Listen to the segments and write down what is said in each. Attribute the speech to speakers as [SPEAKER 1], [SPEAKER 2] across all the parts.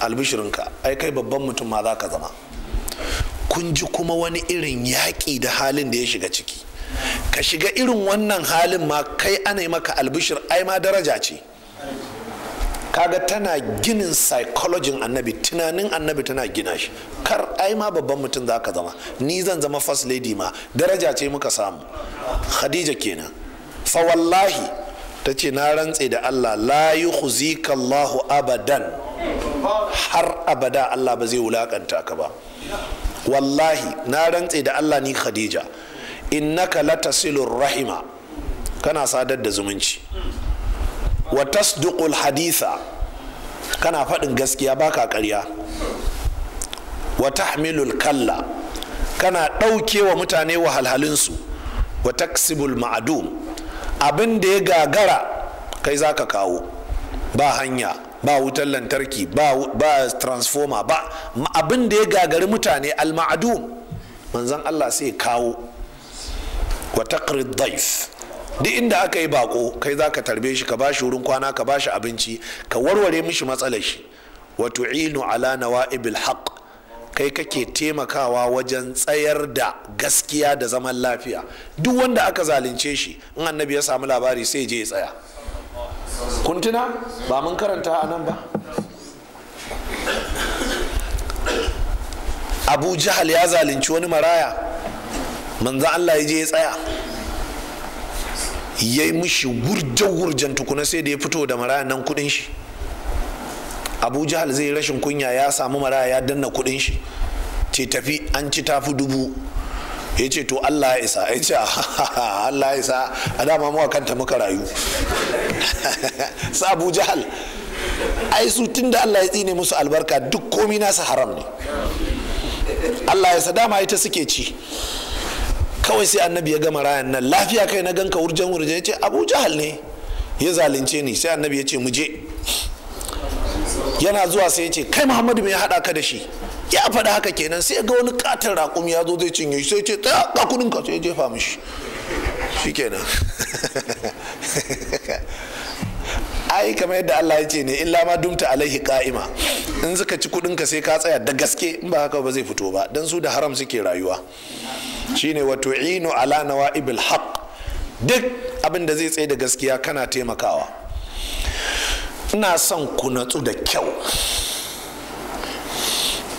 [SPEAKER 1] albishirinka ai kai babban mutum ma za ka zama kun ji kuma wani irin yaƙi da halin da ya shiga ciki ka shiga irin wannan halin ma kai ana maka albishir ai ma daraja ce kaga tana ginin psychology annabi tunanin annabi tana gina shi kar ai ma babban mutum za ka zama ni zan zama first lady ma daraja ce muka samu khadija kenan fa wallahi ta ce na rantse da allah la yukhzika abadan har abada Allah ba zai wulakanta ka ba wallahi na rantse da Allah ni Khadija innaka latasilur rahima kana sadar da zumunci wa tasduqul haditha kana faɗin gaskiya baka ƙarya wa tahmilul kalla kana ɗauke wa mutane su. wa taksibul ma'adum abin da ya gagara kai zaka kawo ba hanya ba wutar lantarki ba, ba ba abin da ya gagari mutane alma'adu manzan Allah sai kawo Wata taqrid duk inda aka yi bako kai za ka tarbe shi ka ba shi wurin kwana ka ba shi abinci ka warware mishi matsalar shi wato inu ala nawa ibil haq kai kake taimakawa wajen tsayar da gaskiya da zaman lafiya duk wanda aka zalunce shi in annabi ya samu labari sai je ya tsaya Kuntuna tuna ba mun karanta a nan ba abu jihal ya zalunci wani maraya manzo allah ya je ya tsaya ya yi mushi wurjen-wurjen tukuna sai da ya fito da maraya nan kudin shi abu zai zai rashin kunya ya samu maraya ya danna kudin shi ce tafi an ci tafi dubu ya ce to allah ya isa ya ce allah ya isa a dama mawa kanta muka rayu sabu abu jahal ai su tun da allah ya tsine musu albarka duk komi nasa haram ne allah ya sa dama ita suke ci kawai sai annabi ya gama rayan nan lafiya kai na ganka wurjen wurjen ya ce abu jahal ne ya zalunce ni sai annabi ya ce mu je yana zuwa sai ya ce kai muhammadu mai haɗa ka da shi ya faɗa haka kenan sai ga wani katin raƙum ya zo zai cinye shi sai ce ta ka kudin ka sai jefa mishi shi kenan ai kamar yadda Allah ya ce ne in lama dumta alaihi ka'ima in suka ci kudin ka sai ka tsaya da gaske in ba haka ba zai fito ba dan su da haram suke rayuwa shine wato tu'inu ala Ibil, haqq duk abin da zai tsaye da gaskiya kana taimakawa ina son ku natsu da kyau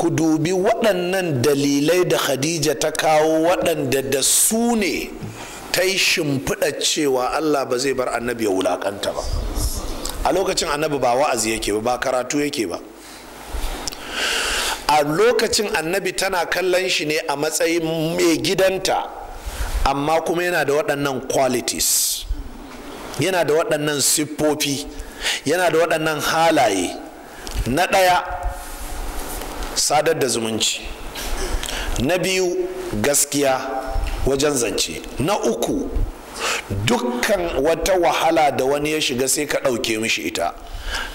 [SPEAKER 1] ku dubi waɗannan dalilai da khadija ta kawo waɗanda da su ne ta yi shimfiɗa cewa allah ba zai bar annabi ya wulaƙanta ba a lokacin annabi ba wa'azi yake ba ba karatu yake ba a lokacin annabi tana kallon shi ne a matsayin mai gidanta amma kuma yana da waɗannan qualities yana da waɗannan siffofi yana da waɗannan halaye na ɗaya sadar da zumunci na biyu gaskiya wajen zance na uku dukkan wata wahala da wani ya shiga sai ka ɗauke mishi ita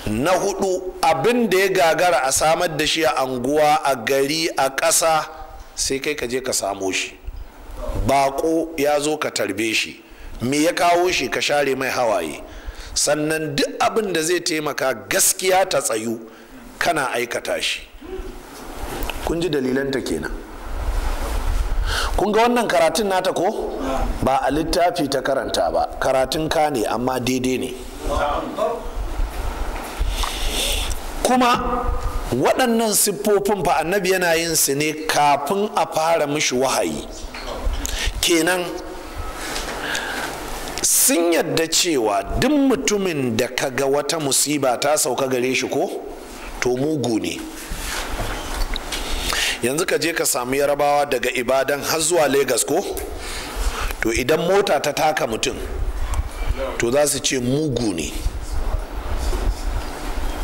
[SPEAKER 1] na hudu abin da ya gagara a samar da shi a anguwa a gari a ƙasa sai kai ka je ka samo shi baƙo ya zo ka tarbe shi me ya kawo shi ka share mai hawaye sannan duk abin da zai taimaka gaskiya ta tsayu kana aikata shi kun ji dalilanta kenan kun ga wannan karatun nata ko ba a littafi ta karanta ba karatun ka ne amma daidai ne kuma waɗannan siffofin fa annabi yana yin su ne kafin a fara mishi wahayi kenan sun yadda cewa duk mutumin da ka ga wata musiba ta sauka gare shi ko to mugu ne yanzu ka je ka samu yarabawa daga ibadan har zuwa Legas ko to idan mota ta taka mutum to za su ce mugu ne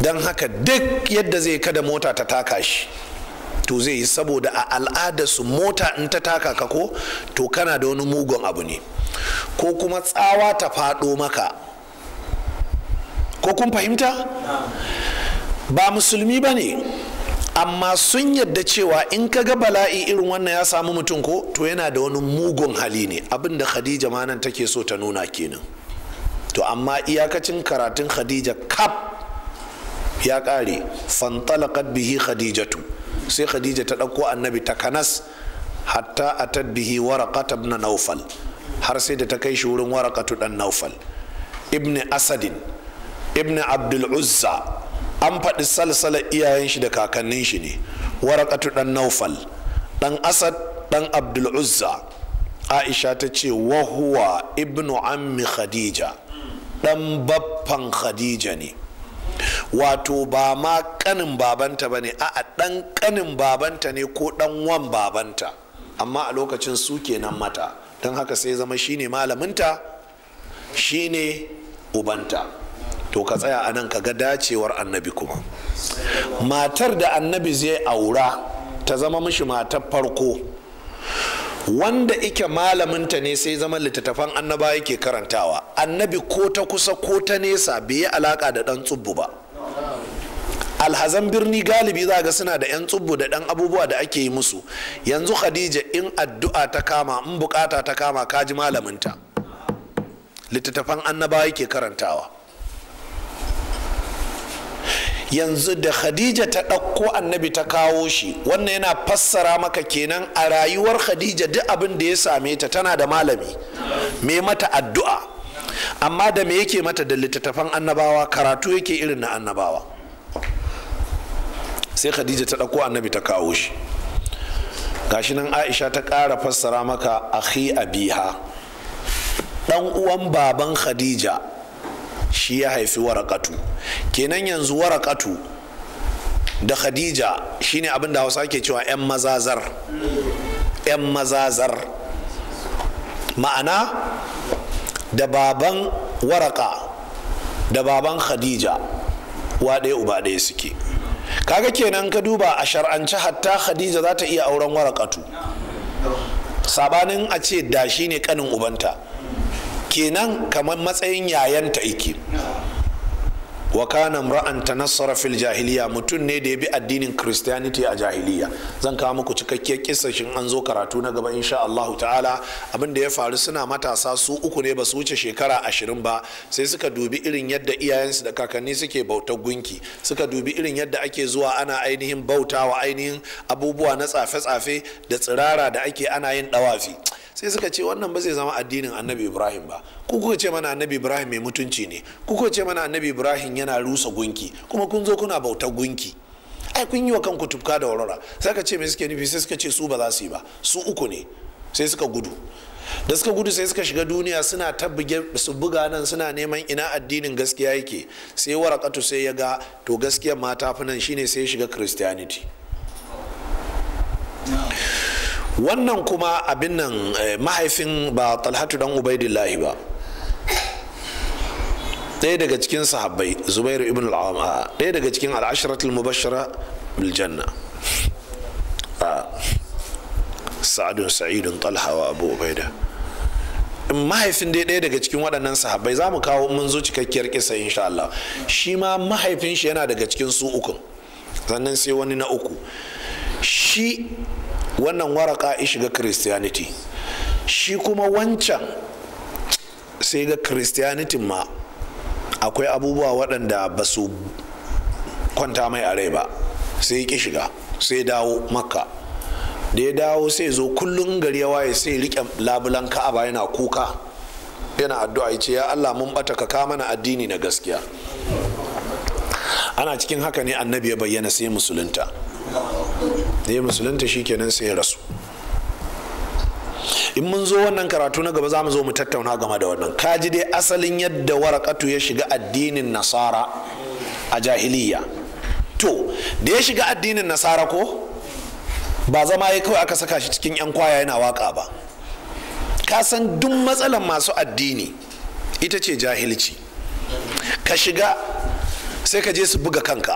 [SPEAKER 1] don haka duk yadda zai kada mota ta taka shi to zai yi saboda a al'ada su mota in ta taka ka ko to kana da wani mugun abu ne ko kuma tsawa ta faɗo maka ko kun fahimta ba musulmi ba ne amma sun yadda cewa in ka ga bala'i irin wannan ya samu mutum ko to yana da wani mugun hali ne abin da khadija ma nan take so ta nuna kenan to amma iyakacin karatun khadija kap ya ƙare fantalaqat bihi khadijatu sai khadija ta ɗauko annabi ta kanas hatta atad bihi waraqat ibn naufal har sai da ta kai shi wurin warakatu dan naufal ibn asadin ibn abdul uzza an faɗi salsala iyayen shi da kakannin shi ne Waraƙatu ɗan naufal ɗan asad ɗan abdul uzza aisha ta ce wahuwa ibnu ammi khadija ɗan baffan khadija ne wato ba ma ƙanin babanta ba ne a ɗan ƙanin babanta ne ko ɗan wan babanta amma a lokacin su kenan mata don haka sai zama shine malaminta shine ubanta to ka tsaya a nan ka ga dacewar annabi kuma matar da annabi zai aura ta zama mishi matar farko wanda ike malaminta ne sai zama littattafan annaba yake karantawa annabi ko ta kusa ko ta nesa bai yi alaka da dan tsubbu ba alhazan birni galibi za ga suna da 'yan tsubbu da dan abubuwa da ake yi musu yanzu khadija in addu'a ta kama in bukata ta kama kaji malaminta littattafan annaba yake karantawa yanzu da khadija ta ɗauko annabi ta kawo shi wannan yana fassara maka kenan a rayuwar khadija duk abin da ya same ta tana da malami me mata addu'a amma da me yake mata da littattafan annabawa karatu yake irin na annabawa sai khadija ta ɗauko annabi ta kawo shi gashi nan aisha ta ƙara fassara maka akhi abiha dan uwan baban khadija shi ya haifi warakatu kenan yanzu warakatu da khadija shine abin da hausa ke cewa 'yan mazazar 'yan mazazar ma'ana da baban waraka da baban khadija ɗaya uba ɗaya suke kaga kenan ka duba a shar'anci hatta khadija za ta iya auren warakatu sabanin a ce da shi ne kanin ubanta kenan kamar matsayin yayanta ike wa kana imra'an tanassara fil jahiliya mutum ne da ya bi addinin christianity a jahiliya zan kawo muku cikakkiyar kissashin an zo karatu na gaba insha Allah ta'ala abin da ya faru suna matasa su uku ne ba su wuce shekara ashirin ba sai suka dubi irin yadda iyayensu da kakanni suke bautar gunki suka dubi irin yadda ake zuwa ana ainihin bautawa ainihin abubuwa na tsafe-tsafe da tsirara da ake ana yin dawafi sai suka ce wannan ba zai zama addinin annabi ibrahim ba ku kuka ce mana annabi ibrahim mai mutunci ne ku kuka ce mana annabi ibrahim yana rusa gunki kuma kun zo kuna bautar gunki ai kun yi wa kanku tufka da warara sai ka ce me suke nufi sai suka ce su ba za su yi ba su uku ne sai suka gudu da suka gudu sai suka shiga duniya suna ta su buga nan suna neman ina addinin gaskiya yake sai warakatu sai ya ga to gaskiyar mata fi nan shine sai ya shiga christianity wannan kuma abin nan eh, mahaifin ba talhatu dan ubaidillahi ba ɗaya daga cikin sahabbai zubairu ibn al'amma ɗaya daga cikin al'ashiratul mubashara biljanna sa'adun sa'idun talhawa abu ubaida mahaifin dai ɗaya daga cikin waɗannan sahabbai za mu kawo mun zo cikakkiyar kisa insha Allah shi ma mahaifin shi yana daga cikin su ukun sannan sai wani na uku shi wannan waraka ya shiga christianity shi kuma wancan sai ga christianity ma akwai abubuwa waɗanda ba su kwanta mai a rai ba sai ya shiga sai dawo makka da ya dawo sai zo kullum gari ya waye sai riƙe labulan ka'aba yana kuka yana addu'a ya ce ya Allah mun bata ka kama na addini na gaskiya ana cikin haka ne annabi ya bayyana sai musulunta da ya musulunta shikenan sai ya rasu in mun zo wannan karatu na gaba za mu zo mu tattauna game da wannan kaji dai asalin yadda warakatu ya shiga addinin nasara a jahiliya to da ya shiga addinin nasara ko ba zama ya kawai aka saka shi cikin 'yan kwaya yana waka ba ka san duk matsalan masu addini ita ce jahilci ka shiga sai ka je su buga kanka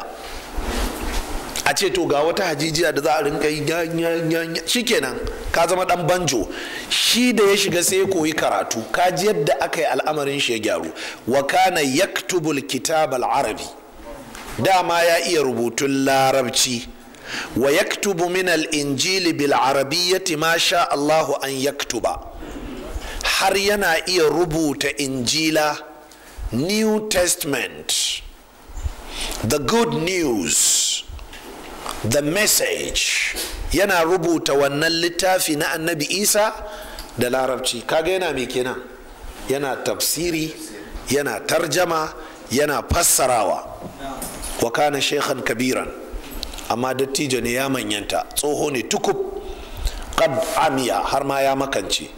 [SPEAKER 1] a ce to ga wata hajijiya da za a rinka yi shikenan ka zama dan banjo shi da ya shiga sai koyi karatu ka ji yadda aka yi al'amarin shi ya gyaru wa kana yaktubul kitab arabi dama ya iya rubutun larabci wa yaktubu min al-injili bil arabiyyati ma sha Allahu an yaktuba har yana iya rubuta injila new testament the good news the message yana rubuta wannan littafi na annabi isa da larabci kaga yana mai kenan yana tafsiri yana tarjama yana fassarawa wa kana shekhan kabiran amma dattijo ne ya manyanta tsoho ne tukub qad amiya har ma ya makance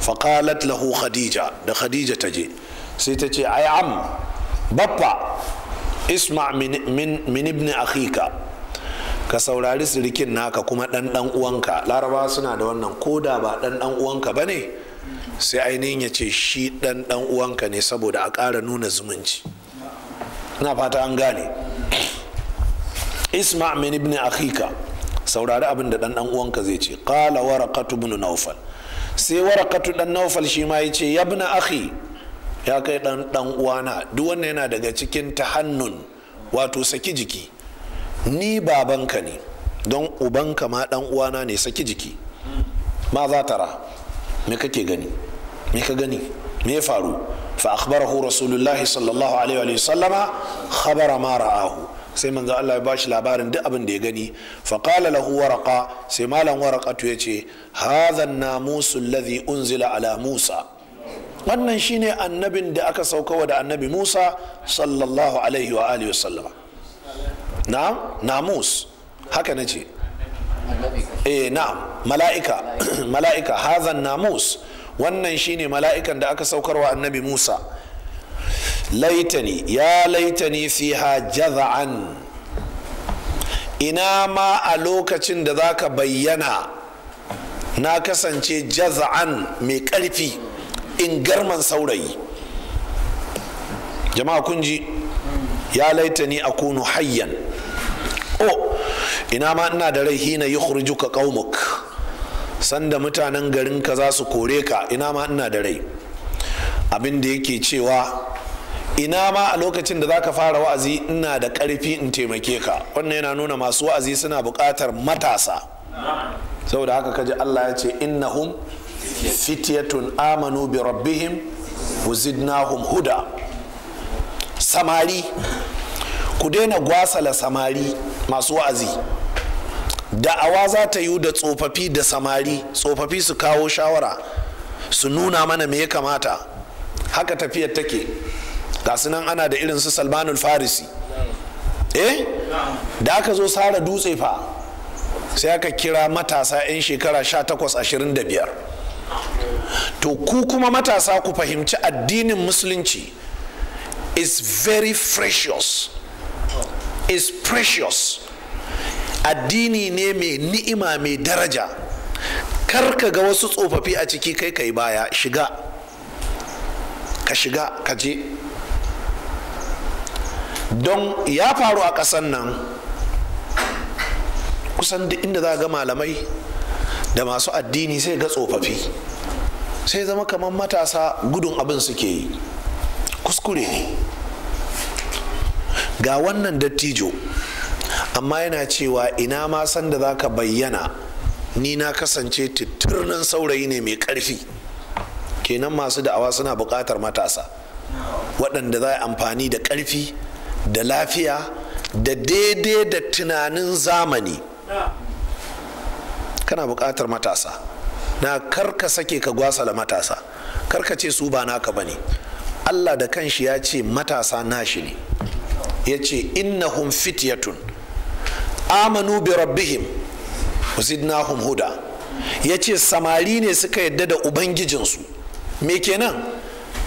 [SPEAKER 1] faƙalat lahu khadija da khadija ta je sai ta ce ai am baffa isma min ibn akhika ka saurari sirikin naka kuma ɗan dan uwanka larabawa suna da wannan ko da ba dan dan uwanka bane sai ainihin ya ce shi ɗanɗan dan uwanka ne saboda a ƙara nuna zumunci na fata an gane isma min ibn akhika saurari abin da dan dan uwanka zai ce qala waraqatu ibn nawfal sai warakatu dan naufal shi ma ya ce akhi ya kai dan dan uwana duk wannan yana daga cikin tahannun wato saki jiki ni babanka ne don ubanka ma dan uwana ne saki jiki ma za tara me kake gani me ka gani me ya faru fa akhbarahu rasulullahi sallallahu alaihi wa sallama khabara ma ra'ahu sai manzo Allah ya bashi labarin duk abin da ya gani fa qala lahu waraqa sai malam waraqatu yace hadha an-namus alladhi unzila ala Musa wannan shine annabin da aka sauka wa da annabi Musa sallallahu alaihi wa alihi wa sallama na namus haka na ce eh na mala'ika mala'ika hazan namus wannan shine mala'ikan da aka saukarwa annabi musa laitani ya laitani fiha jaza'an ina ma a lokacin da za ka bayyana na kasance jaza'an mai ƙarfi in garman saurayi jama'a kunji ya laitani a kunu hayyan o oh, ina ma ina da rai hina yi yukhrijuka kaumuk. sanda mutanen garin ka za su kore ka ina ma ina da rai abin da yake cewa ina ma a lokacin da za ka fara wa'azi ina da ƙarfi in taimake ka wannan yana nuna masu wa'azi suna buƙatar matasa saboda haka kaji Allah ya ce innahum fityatun amanu bi rabbihim wuzidnahum huda samari ku daina gwasala samari masu wa'azi da'awa za ta yi da tsofaffi da samari tsofaffi su kawo shawara su nuna mana me ya kamata haka tafiyar take ga nan ana da irin su salmanul farisi eh da aka zo sara dutse fa sai aka kira matasa 'yan shekara 18-25 to ku kuma matasa ku fahimci addinin musulunci is very precious is precious addini ne mai ni'ima mai daraja kar ka ga wasu tsofaffi a ciki kai kai baya shiga ka shiga ka je don ya faru a ƙasan nan kusan duk inda za ga malamai da masu addini sai ga tsofaffi sai zama kamar matasa gudun abin suke yi kuskure ne ga wannan dattijo amma yana cewa ina ma san da za ka bayyana ni na kasance titirnin saurayi ne mai ƙarfi kenan masu da'awa suna buƙatar matasa waɗanda za amfani da ƙarfi da lafiya da daidai da tunanin zamani kana buƙatar matasa na karka sake ka gwasa da matasa karka ce su ba naka ba ne. allah da kanshi ya ce matasa nashi ne ya ce innahum fityatun amanu bi rabbihim zidnahum huda ya ce samari ne suka yadda da ubangijinsu me kenan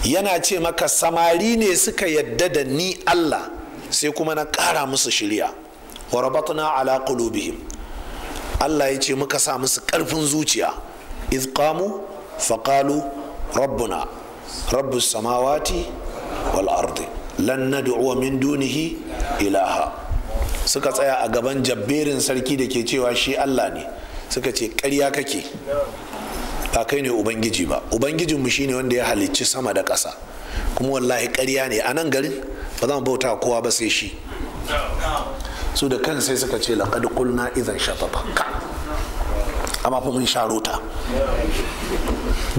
[SPEAKER 1] yana ce maka samari ne suka yadda da ni allah sai kuma na ƙara musu shirya wa rabatna ala qulubihim allah ya ce muka sa musu ƙarfin zuciya iz qamu faqalu rabbuna rabbus samawati wal ardi lan nad'u min dunihi ilaha suka tsaya a gaban jabberin sarki da ke cewa shi Allah ne suka ce ƙarya kake ba kai ne ubangiji ba ubangijinmu shine wanda ya halicci sama da ƙasa kuma wallahi karya ne a nan garin ba za mu bauta kowa ba sai shi su da kan sai suka ce laqad qulna idan ka amma fa mun sharo da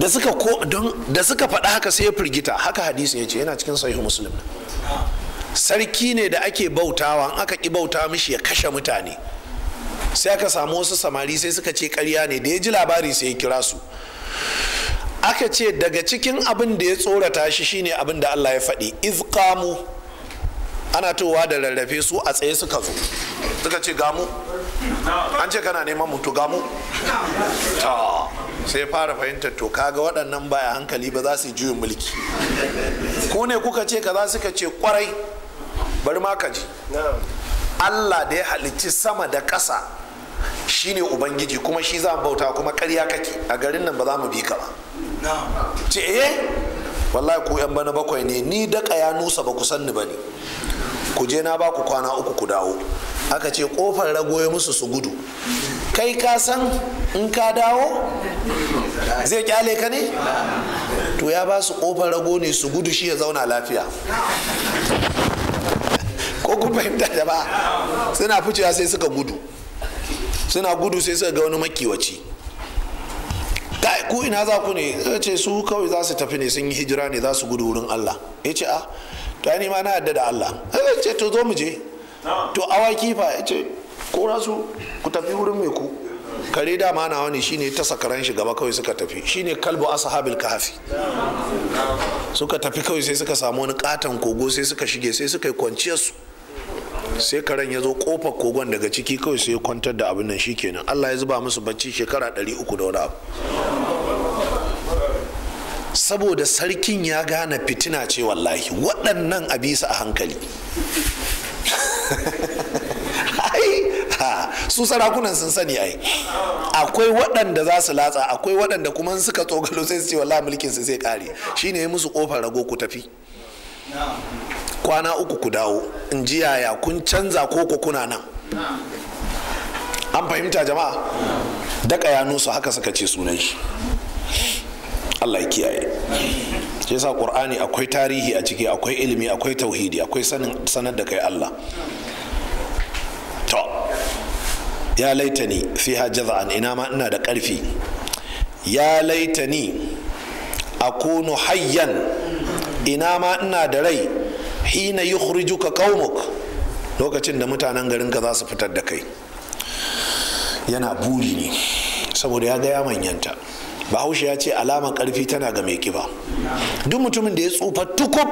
[SPEAKER 1] suka ko don da suka faɗa haka sai ya firgita haka hadisi ya ce yana cikin sahihu muslim sarki ne da ake bautawa aka ki bauta mishi ya kashe mutane sai aka samu wasu samari sai suka ce karya ne da ya ji labari sai ya kira su aka ce daga cikin abin da ya tsorata shi shine abin da Allah ya faɗi izqamu ana towa da rarrafe su a tsaye suka zo suka ce gamu an ce kana neman mutu gamu sai fara fahimtar to kaga waɗannan baya hankali ba za su yi juyin mulki ku ne kuka ce kaza suka ce kwarai bari ma ka ji Allah da ya halicci sama da ƙasa shine ubangiji kuma shi za bauta kuma ƙarya kake a garin nan ba za mu bi ka ba ce eh wallahi ku yan bana bakwai ne ni daka ya nusa ba ku sanni ba ne ku je na ba ku kwana uku ku dawo aka ce kofar ragoye musu su gudu kai ka san in ka dawo zai kyale ka ne to ya ba su kofar rago ne su gudu shi ya zauna lafiya ko kun fahimta da ba suna ficewa sai suka gudu suna gudu sai suka ga wani makiwaci ku ina za ku ne ya ce su kawai za su tafi ne sun yi hijira ne za su gudu wurin Allah ya ce a ah, to ya ma na yadda da Allah ya ce to zo mu je to awa kifa ya ce kora su ku tafi wurin mai ku kare dama na wani shine ta sakaran shi gaba kawai suka tafi shine kalbu ashabil kahfi suka tafi kawai sai suka samu wani katon kogo sai suka shige sai suka yi kwanciyar su sai karen ya zo kofar kogon daga ciki kawai sai ya kwantar da abin nan shikenan Allah ya zuba musu bacci shekara 300 da wani abu saboda sarkin ya gane fitina ce wallahi waɗannan a bisa a hankali su sarakunan sun sani ai akwai waɗanda za su latsa akwai waɗanda kuma suka tsogalo sai su ce wallahi mulkin su zai kare shine ya musu kofar rago ku tafi kwana uku ku dawo in ji yaya kun canza ko ku kuna nan an fahimta jama'a daka ya nusu haka suka ce sunan shi Allah ya kiyaye shi yasa qur'ani akwai tarihi a ciki akwai ilimi akwai tauhidi akwai sanin sanar da kai Allah ya laitani fiha jaza'an ina ma ina da ƙarfi ya laitani akunu hayyan ina ma ina da rai hina yukhrijuka kaumuk. lokacin da mutanen garin ka za su fitar da kai yana buri ne saboda ya ga ya manyanta bahaushe ya ce alamar karfi tana ga mai kiba duk mutumin da ya tsufa tukub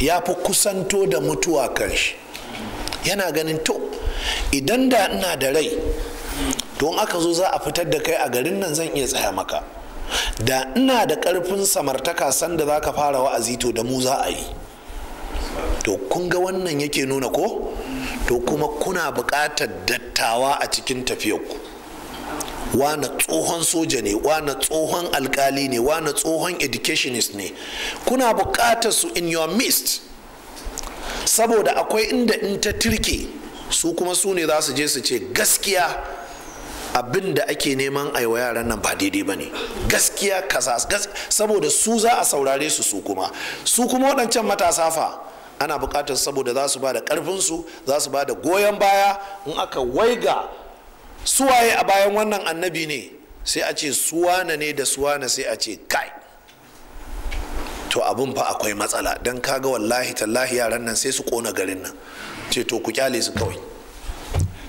[SPEAKER 1] ya fi kusanto da mutuwa kanshi yana ganin to idan da ina da rai to in aka zo za a fitar da kai a garin nan zan iya tsaya maka da ina da ƙarfin samartaka sanda za ka fara wa'azi to da mu za a yi to kun ga wannan yake nuna ko to kuma kuna buƙatar dattawa a cikin tafiyarku wane tsohon soja ne wane tsohon alkali ne wane tsohon educationist ne kuna buƙatar su in your midst saboda akwai inda in ta tirke su kuma su ne za su je su ce gaskiya abin da ake neman a wa yaran nan ba daidai ba ne gaskiya kaza saboda su za a saurare su su kuma su kuma waɗancan matasa fa ana buƙatar saboda za su ba da ƙarfinsu za su ba da goyon baya in aka waiga suwaye a bayan wannan annabi ne sai a ce suwana ne da suwana sai a ce kai to abin fa akwai matsala don kaga wallahi tallahi yaran nan sai su kona garin nan ce to ku kyale su kawai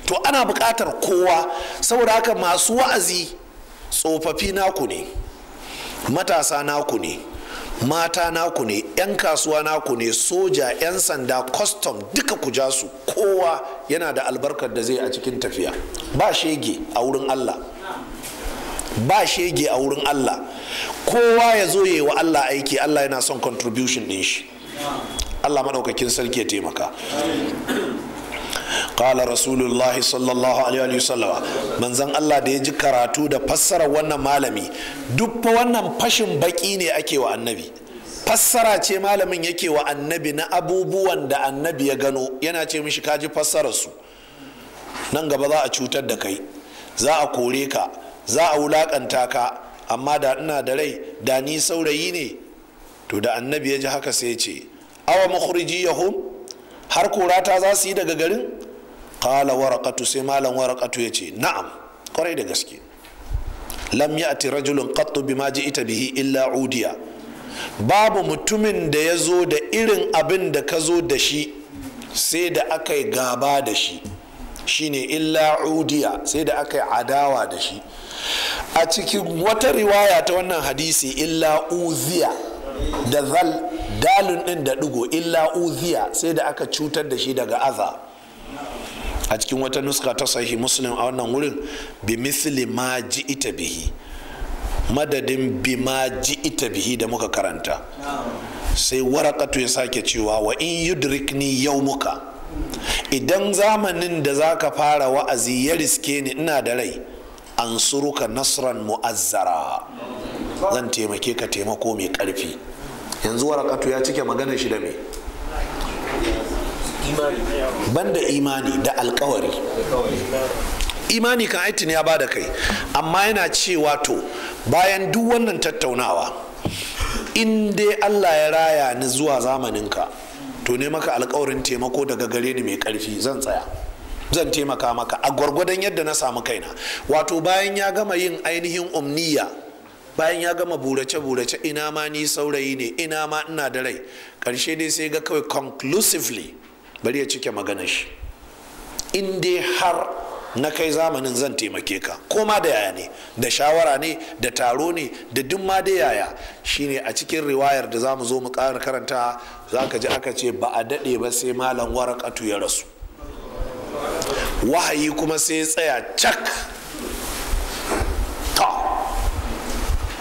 [SPEAKER 1] to ana buƙatar kowa saboda haka masu wa'azi tsofaffi naku ne matasa naku ne mata naku ne 'yan kasuwa naku ne soja 'yan sanda custom duka ku ja su kowa yana da albarkar da zai a cikin tafiya ba shege a wurin allah ba shege a wurin allah kowa ya zo yi wa allah aiki allah yana son contribution din shi allah maɗaukakin sarki ya taimaka kala rasulullahi sallallahu alaihi wasallama manzan allah da ya ji karatu da fassara wannan malami duk fa wannan fashin baki ne ake wa annabi fassara ce malamin yake wa annabi na abubuwan da annabi ya gano yana ce mishi kaji su. nan gaba za a cutar da kai za a kore ka za a wulakanta ka amma da ina da rai da ni saurayi ne to da annabi ya ji haka sai ce awa makhrijiyahum har kura ta za su yi daga garin kala warakatu sai malam ya ce na'am kwarai da gaske lam ati rajulun qattu bima ita bihi illa udiya babu mutumin da ya zo da irin abin da ka zo da shi sai da aka yi gaba da shi shine illa udiya sai da aka yi adawa da shi a cikin wata riwaya ta wannan hadisi illa uziya da zal dalin din da digo illa uziya sai da aka cutar da shi daga aza a cikin wata nuska ta sahi muslim a wannan wurin bi misli ma ji ita bihi madadin bi ma ji ita bihi da muka karanta sai warakatu ya sake cewa wa in yudrikni yau muka idan zamanin da za ka fara wa'azi ya riske ni ina da rai an suruka nasran mu'azzara zan taimake ka taimako mai karfi yanzu warakatu ya cike maganar shi da me banda imani da alkawari imani kan aitin ya bada kai amma yana cewa to bayan duk wannan tattaunawa in dai allah ya raya ni zuwa zamaninka to ne maka alkawarin taimako daga gare ni mai karfi zan tsaya zan taimaka maka a gwargwadon yadda na samu kaina wato bayan ya gama yin ainihin umniya bayan ya gama burace-burace ina ma ni saurayi ne ina ma ina da rai karshe dai sai ga kawai conclusively bari ya cike maganar shi in dai har na kai zamanin zan taimake ka koma da yaya ne da shawara ne da taro ne da duk ma da yaya shine a cikin riwayar da zamu zo mu ƙara karanta zaka ji aka ce ba a daɗe ba sai malam warakatu ya rasu wahayi kuma sai tsaya cak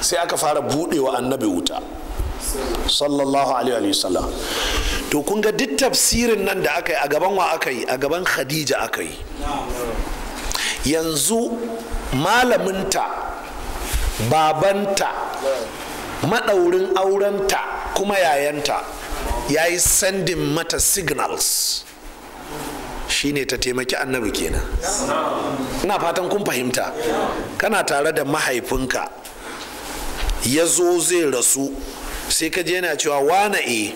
[SPEAKER 1] sai aka fara buɗewa annabi wuta sallallahu alaihi wa sallam to kun ga duk tafsirin nan da aka yi a gaban wa aka yi a gaban khadija aka yi yanzu malaminta babanta maɗaurin aurenta kuma yayanta ya yi sandin mata signals shine ta taimaki annabi kenan ina fatan kun fahimta kana tare da mahaifinka ya zo zai rasu sai ka je yana cewa wana e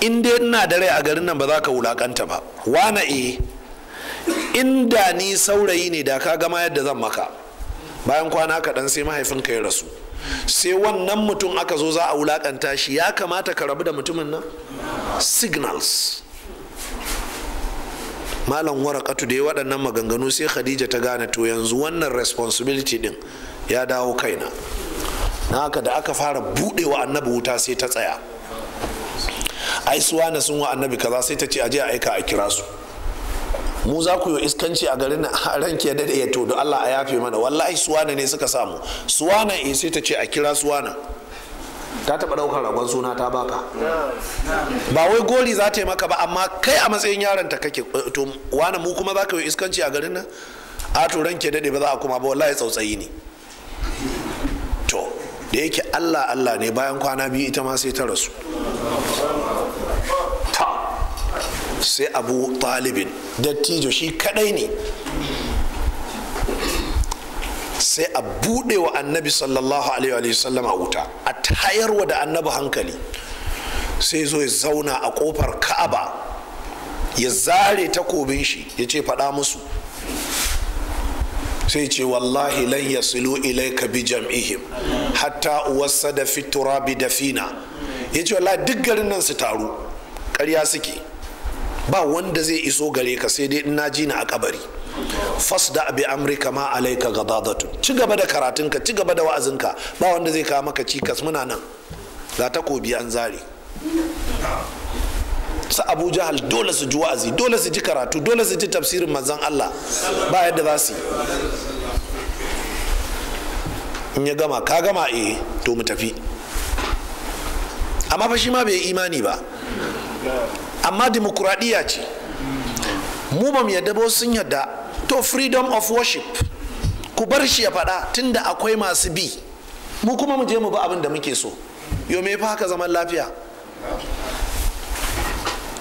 [SPEAKER 1] in dai ina da rai a garin nan ba za ka wulakanta ba wana e inda ni saurayi ne da ka gama yadda zan maka bayan kwana kaɗan sai mahaifinka ya rasu sai wannan mutum aka zo za a wulakanta shi ya kamata ka rabu da mutumin nan signals malam warakatu da ya waɗannan maganganu sai khadija ta gane to yanzu wannan responsibility din ya dawo kaina na haka da aka fara budewa annabi wuta sai ta tsaya ai suwa na sun wa annabi kaza sai ta ce aje a aika a kira su mu za ku yi iskanci a garin ran ke dade ya to da Allah a yafe mana wallahi suwana ne suka samu suwana e eh, sai ta ce a kira suwana ta taɓa ɗaukar ragon suna ta baka ba wai gori za ta yi maka ba amma kai a matsayin yaron ta kake eh, to wani mu kuma za ka yi iskanci a garin nan a to ranke daɗe ba za a kuma ba wallahi tsautsayi ne da yake allah allah ne bayan kwana biyu ita ma sai ta rasu ta sai abu talibin dattijo shi kadai ne sai a buɗe wa annabi sallallahu alaihi wasallam a wuta a tayarwa da annabi hankali sai zo ya zauna a kofar ka'aba ya zare takobin shi ya ce faɗa musu sai ce wallahi lan ilai ka bi jam'ihim hatta da fi turabi dafina yace wallahi duk garin nan su taru ƙarya suke ba wanda zai iso gare ka sai dai ina jina a kabari fas fasda bi amrika ma alaika ghadadatu ci gaba da karatunka ci gaba da wa'azinka ba wanda zai kawo maka cikas muna nan za kobi an zare su abu jahal dole su ji wa'azi dole su ji karatu dole su ji tafsirin manzan allah ba yadda za su in ya gama ka gama eh to mu tafi amma fa shi ma bai imani ba amma dimokuraɗiyya ce mu ba mu yadda ba sun yadda to freedom of worship ku bar shi ya faɗa tunda akwai masu bi mu kuma mu je mu ba abin da muke so yo me fa haka zaman lafiya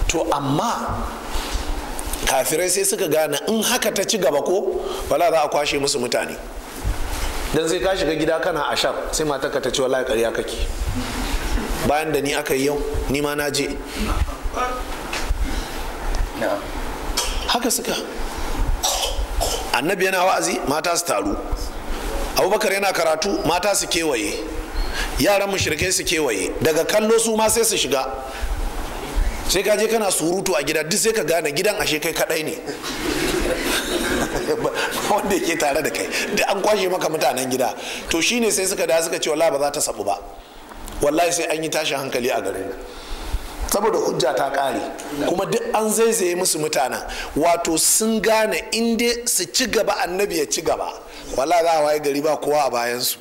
[SPEAKER 1] to amma kafirai sai suka gane in haka ta ci gaba ko bala za a kwashe musu mutane don sai ka shiga gida kana a ashar sai matarka ta ce wallahi ƙarya kake bayan da ni aka yi yau ni ma na je haka suka annabi yana wa'azi mata su taru abubakar yana karatu mata su kewaye yaran mushrike su kewaye daga kallo su ma sai su shiga sai ka je kana surutu a gida duk sai ka gane gidan ashe kai kadai ne wanda yake tare da kai duk an kwashe maka mutanen gida to shine sai suka da suka ce wallahi ba za ta sabu ba wallahi sai an yi tashin hankali a garin saboda hujja ta kare kuma duk an zaizaye musu mutanen wato sun gane inda su ci gaba annabi ya ci gaba wallahi za a waye gari ba kowa a bayansu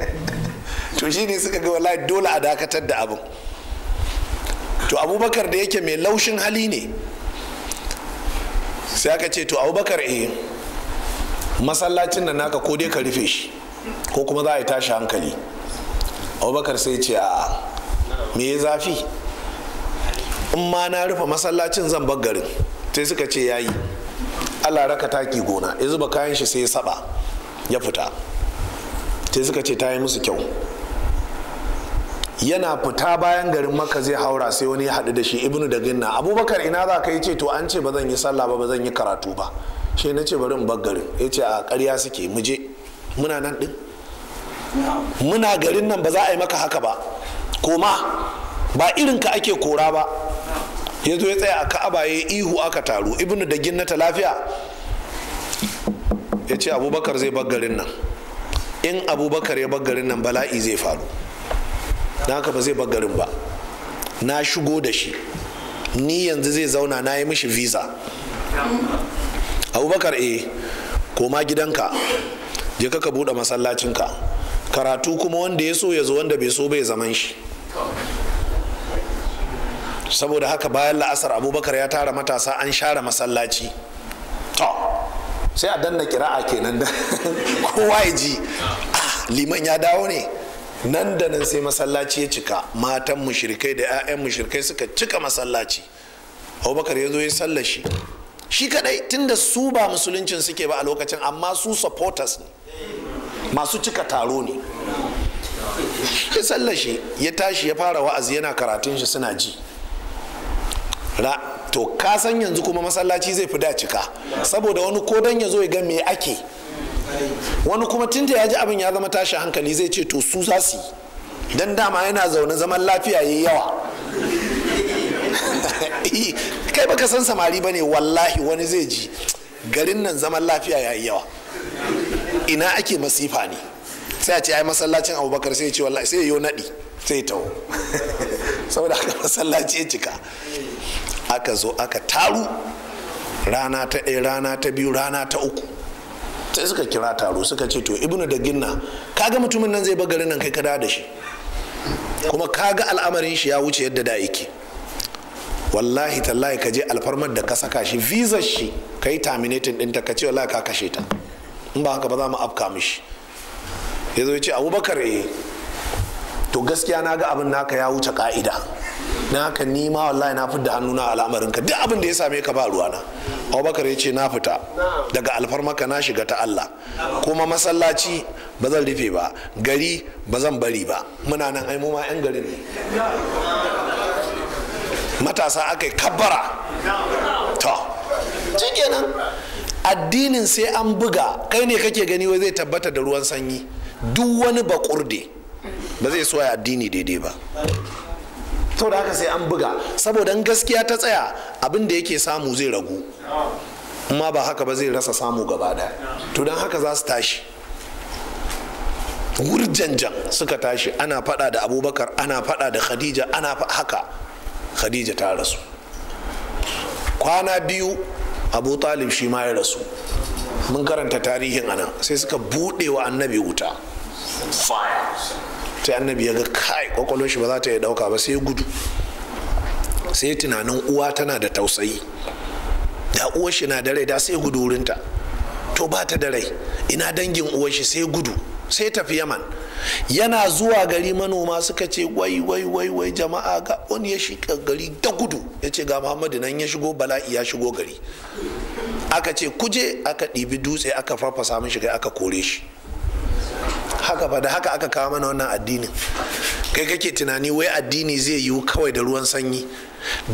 [SPEAKER 1] to shine suka ga wallahi dole a dakatar da abin to abubakar da yake mai laushin hali ne sai aka ce to abubakar eh masallacin nan naka ko dai ka rufe shi ko kuma za a yi tashi hankali abubakar sai ce a me ya zafi in ma na rufe masallacin zan bar garin sai suka ce ya yi. allah raka taki gona ya zuba kayan shi sai ya saba ya fita sai suka ce ta yi musu kyau yana fita bayan garin maka zai haura sai wani ya haɗu da shi ibnu da ginna abubakar ina za ka yi ce to an ce ba zan yi sallah ba ba zan yi karatu ba shi na ce bari in bar garin ya ce a ƙarya suke mu je muna nan ɗin
[SPEAKER 2] muna garin
[SPEAKER 1] nan ba za a yi maka haka ba koma ba irin ka ake kora ba ya zo ya tsaya a ka'aba ya ihu aka taru ibnu da ginna ta lafiya ya ce abubakar zai bar garin nan in abubakar ya bar garin nan bala'i zai faru don haka ba zai bar garin ba na shigo da shi ni yanzu zai zauna na yi mishi visa abubakar eh koma gidanka je ka buɗe masallacinka karatu kuma wanda ya so ya zo wanda bai so bai zaman shi saboda haka bayan la'asar abubakar ya tara matasa an share masallaci to sai a danna kira'a kenan da kowa ya ji ah, liman ya dawo ne nan da nan sai masallaci ya cika matan mushrikai da 'ya'yan mushrikai suka cika masallaci abubakar ya zo ya sallashi shi kadai tunda su ba musuluncin suke ba a lokacin amma su supporters ne masu cika taro ne ya sallashi ya tashi ya fara wa'azi yana karatun shi suna ji to kasan yanzu kuma masallaci zai fi da cika saboda wani kodon ya zo ya ga me ake wani kuma tunda ya ji abin ya zama tashi hankali zai ce to su za su yi don dama yana zaune zaman lafiya ya yi yawa eh, kai baka san samari ba ne wallahi wani zai ji garin nan zaman lafiya ya yi yawa ina ake masifa ne sai a ce ai masallacin abubakar sai ce wallahi sai ya yi naɗi sai taho saboda haka masallaci ya cika aka zo aka taru rana ta ɗaya rana ta biyu rana ta uku sai suka kira taro suka ce to ibnu da ginna kaga mutumin nan zai bar garin nan kai ka da shi kuma ka ga al'amarin shi ya wuce yadda da yake wallahi tallahi ka je alfarmar da ka saka shi visa shi ka yi terminating ɗinta ka ce wallahi ka kashe ta in ba haka ba za mu afka mishi ya zo ya ce abubakar eh to gaskiya na ga abin naka ya wuce ka'ida na ka ni wallahi na fidda hannuna al'amarin ka duk abin da ya same ka ba ruwana abubakar ya ce na fita daga alfarmaka na shiga ta allah kuma masallaci ba zan rufe ba gari ba zan bari ba muna nan ai ma 'yan gari ne matasa aka yi kabbara to kenan addinin sai an buga kai ne kake gani wai zai tabbata da ruwan sanyi duk wani bakurde ba zai so addini daidai ba to da haka sai an buga saboda gaskiya ta tsaya abin da yake samu zai ragu amma ba haka ba zai rasa samu gaba daya to don haka za su tashi wurjanjan suka tashi ana fada da abubakar ana fada da khadija ana haka khadija ta rasu kwana biyu abu talib shi ma ya rasu mun karanta tarihin anan sai suka buɗe wa annabi wuta fire sai annabi ya ga kai kwakwalon shi ba za ta yi dauka ba sai gudu sai tunanin uwa tana da tausayi da uwar shi na da rai da sai gudu wurinta to ba ta da rai ina dangin uwar shi sai gudu sai tafi yaman yana zuwa gari manoma suka ce wai wai wai wai jama'a ga wani ya shiga gari da gudu ya ce ga muhammadu nan ya shigo bala'i ya shigo gari aka ce kuje aka ɗibi dutse aka farfasa mishi gai aka kore shi haka fa da haka aka kawo mana wannan addinin kai kake tunani wai addini zai yiwu kawai da ruwan sanyi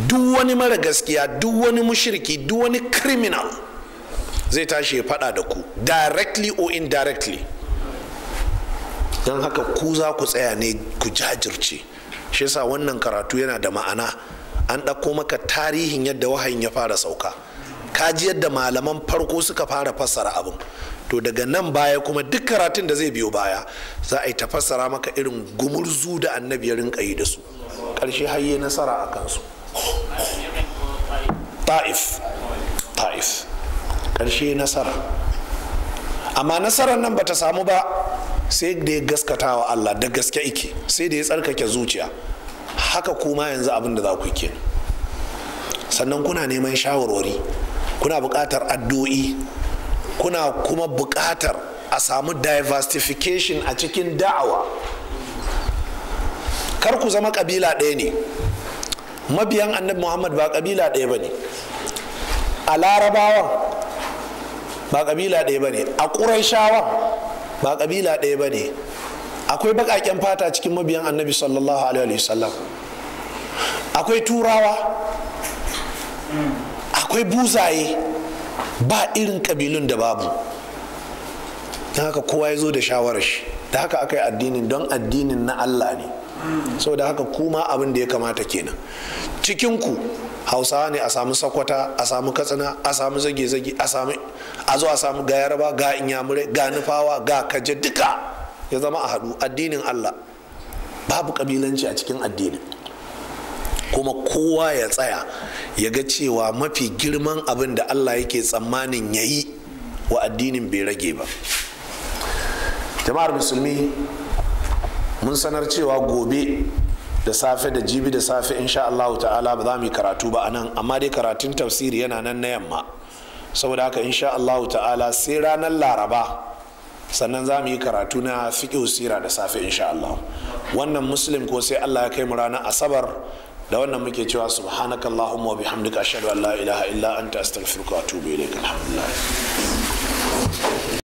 [SPEAKER 1] duk wani mara gaskiya duk wani mushirki duk wani criminal zai tashi ya fada da ku directly or indirectly don haka ku za ku tsaya ne ku jajirce shi yasa wannan karatu yana da ma'ana an ɗauko maka tarihin yadda wahayin ya fara sauka kaji yadda malaman farko suka fara fassara abin to daga nan baya kuma duk karatun da zai biyo baya za a yi ta fassara maka irin gumurzu da annabi ya rinka yi da su ƙarshe hayye nasara a kansu ta'if ta'if ƙarshe nasara amma nasarar nan ba ta samu ba sai da ya gaskata wa Allah da gaske ike sai da ya tsarkake zuciya haka kuma yanzu abin da za ku yi kenan sannan kuna neman shawarwari kuna buƙatar addu'i? kuna kuma buƙatar a samu diversification a cikin da'awa kar ku zama ƙabila ɗaya ne mabiyan annabi muhammad ba ƙabila ɗaya ba ne a larabawan ba ƙabila ɗaya ba ne a ƙuraishawan ba ƙabila ɗaya ba ne akwai baƙaƙen fata cikin mabiyan annabi sallallahu alaihi wasallam akwai turawa akwai buzaye ba irin kabilun da babu don haka kowa ya zo da shawarar shi da haka aka yi addinin don addinin na Allah ne saboda haka kuma abin da ya kamata kenan cikinku hausawa ne a samu sakwata a samu katsina a samu zage-zage a samu a zo a samu ga yaraba ga inyamurai ga nufawa ga kaje ya zama a haɗu addinin Allah babu kabilanci a cikin addinin kuma kowa ya tsaya ya ga cewa mafi girman abin da allah yake tsammanin ya yi wa addinin bai rage ba jama'ar musulmi mun sanar cewa gobe da safe da jibi da safe insha Allah ta'ala ba za mu yi karatu ba anan. amma dai karatun tafsiri yana nan na yamma saboda haka insha Allah ta'ala sai ranar laraba sannan za mu yi karatu na fiƙi sira da safe insha Allah wannan musulmi ko sai Allah ya kai mu ranar asabar da wannan muke cewa allahumma wa bihamdika ashhadu an la ilaha illa anta astaghfiruka wa atubu ilaik alhamdulillah